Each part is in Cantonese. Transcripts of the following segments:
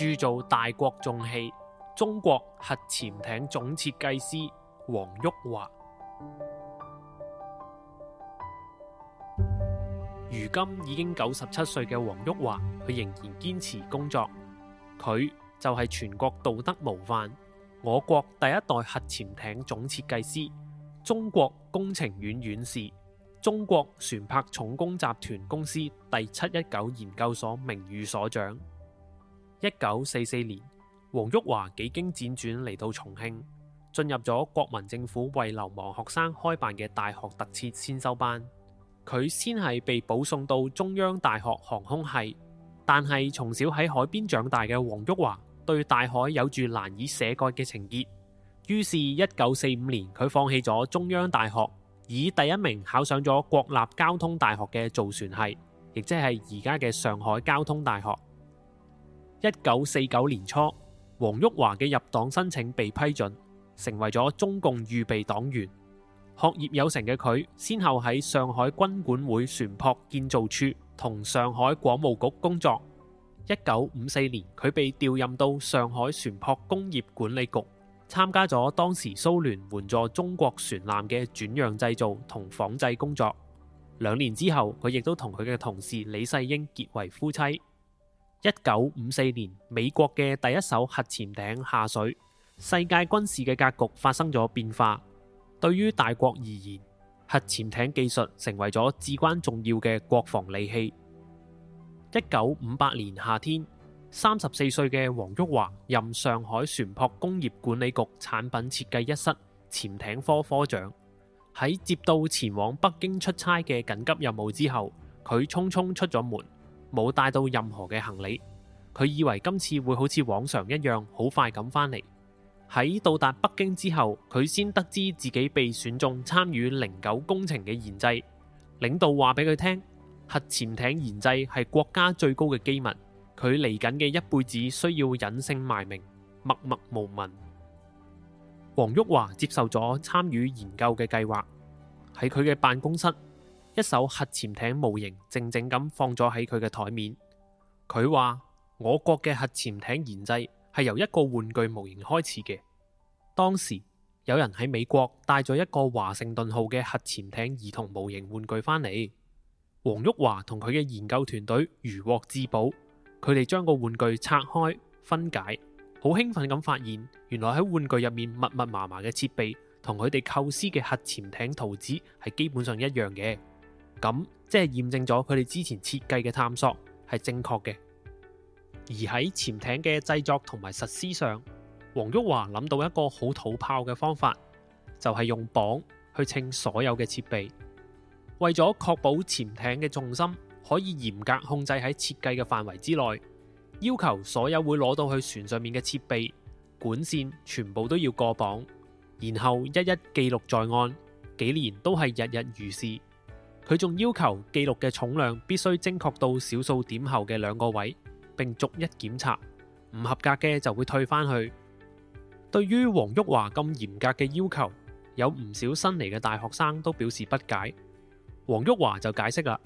鑄造大國重器，中國核潛艇總設計師黃旭華，如今已經九十七歲嘅黃旭華，佢仍然堅持工作。佢就係全國道德模範，我國第一代核潛艇總設計師，中國工程院院士，中國船舶重工集團公司第七一九研究所名譽所長。一九四四年，黃旭華幾經輾轉嚟到重慶，進入咗國民政府為流亡學生開辦嘅大學特設先修班。佢先係被保送到中央大學航空系，但係從小喺海邊長大嘅黃旭華對大海有住難以割捨嘅情結，於是1945年，一九四五年佢放棄咗中央大學，以第一名考上咗國立交通大學嘅造船系，亦即係而家嘅上海交通大學。一九四九年初，黃旭華嘅入黨申請被批准，成為咗中共預備黨員。學業有成嘅佢，先後喺上海軍管會船舶建造處同上海廣務局工作。一九五四年，佢被調任到上海船舶工業管理局，參加咗當時蘇聯援助中國船艦嘅轉讓製造同仿製工作。兩年之後，佢亦都同佢嘅同事李世英結為夫妻。一九五四年，美國嘅第一艘核潛艇下水，世界軍事嘅格局發生咗變化。對於大國而言，核潛艇技術成為咗至關重要嘅國防利器。一九五八年夏天，三十四歲嘅黃旭華任上海船舶工業管理局產品設計一室潛艇科科長。喺接到前往北京出差嘅緊急任務之後，佢匆匆出咗門。冇帶到任何嘅行李，佢以為今次會好似往常一樣好快咁返嚟。喺到達北京之後，佢先得知自己被選中參與零九工程嘅研製。領導話俾佢聽，核潛艇研製係國家最高嘅機密，佢嚟緊嘅一輩子需要隱姓埋名，默默無聞。黃旭華接受咗參與研究嘅計劃，喺佢嘅辦公室，一艘核潛艇模型靜靜咁放咗喺佢嘅台面。佢話：我國嘅核潛艇研製係由一個玩具模型開始嘅。當時有人喺美國帶咗一個華盛頓號嘅核潛艇兒童模型玩具翻嚟。黃旭華同佢嘅研究團隊如獲至寶，佢哋將個玩具拆開分解，好興奮咁發現，原來喺玩具入面密密麻麻嘅設備，同佢哋構思嘅核潛艇圖紙係基本上一樣嘅。咁即係驗證咗佢哋之前設計嘅探索係正確嘅。而喺潛艇嘅製作同埋實施上，黃旭華諗到一個好土炮嘅方法，就係用磅去稱所有嘅設備，為咗確保潛艇嘅重心可以嚴格控制喺設計嘅範圍之內，要求所有會攞到去船上面嘅設備管線全部都要過磅，然後一一記錄在案。幾年都係日日如是。佢仲要求記錄嘅重量必須精確到小數點後嘅兩個位，並逐一檢查，唔合格嘅就會退翻去。對於黃旭華咁嚴格嘅要求，有唔少新嚟嘅大學生都表示不解。黃旭華就解釋啦，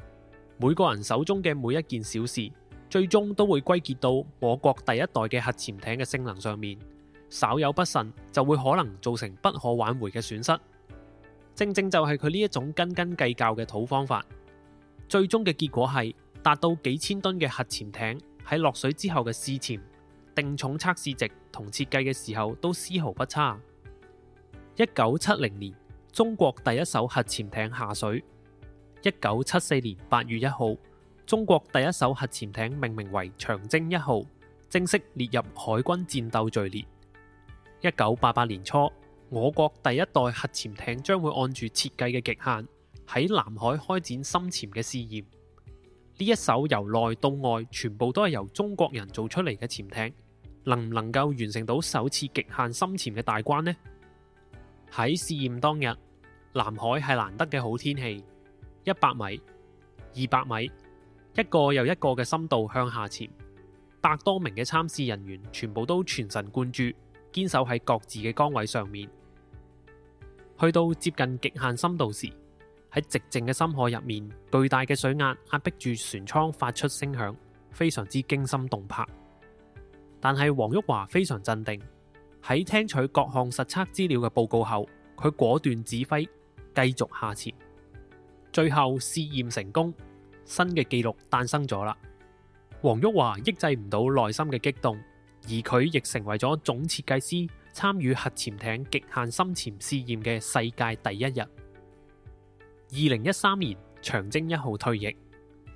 每個人手中嘅每一件小事，最終都會歸結到我國第一代嘅核潛艇嘅性能上面，稍有不慎就會可能造成不可挽回嘅損失。正正就係佢呢一種斤斤計較嘅土方法，最終嘅結果係達到幾千噸嘅核潛艇喺落水之後嘅試潛、定重測試值同設計嘅時候都絲毫不差。一九七零年，中國第一艘核潛艇下水；一九七四年八月一號，中國第一艘核潛艇命名為“長征一號”，正式列入海軍戰鬥序列。一九八八年初。我國第一代核潛艇將會按住設計嘅極限喺南海開展深潛嘅試驗。呢一艘由內到外全部都係由中國人做出嚟嘅潛艇，能唔能夠完成到首次極限深潛嘅大關呢？喺試驗當日，南海係難得嘅好天氣。一百米、二百米，一個又一個嘅深度向下潛，百多名嘅參試人員全部都全神貫注，堅守喺各自嘅崗位上面。去到接近極限深度時，喺寂靜嘅深海入面，巨大嘅水壓壓迫住船艙，發出聲響，非常之驚心動魄。但係黃旭華非常鎮定，喺聽取各項實測資料嘅報告後，佢果斷指揮繼續下潛。最後試驗成功，新嘅記錄誕生咗啦！黃旭華抑制唔到內心嘅激動，而佢亦成為咗總設計師。參與核潛艇極限深潛試驗嘅世界第一日。二零一三年長征一號退役，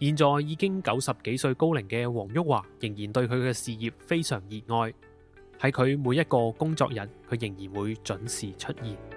現在已經九十幾歲高齡嘅黃旭華，仍然對佢嘅事業非常熱愛。喺佢每一個工作日，佢仍然會準時出現。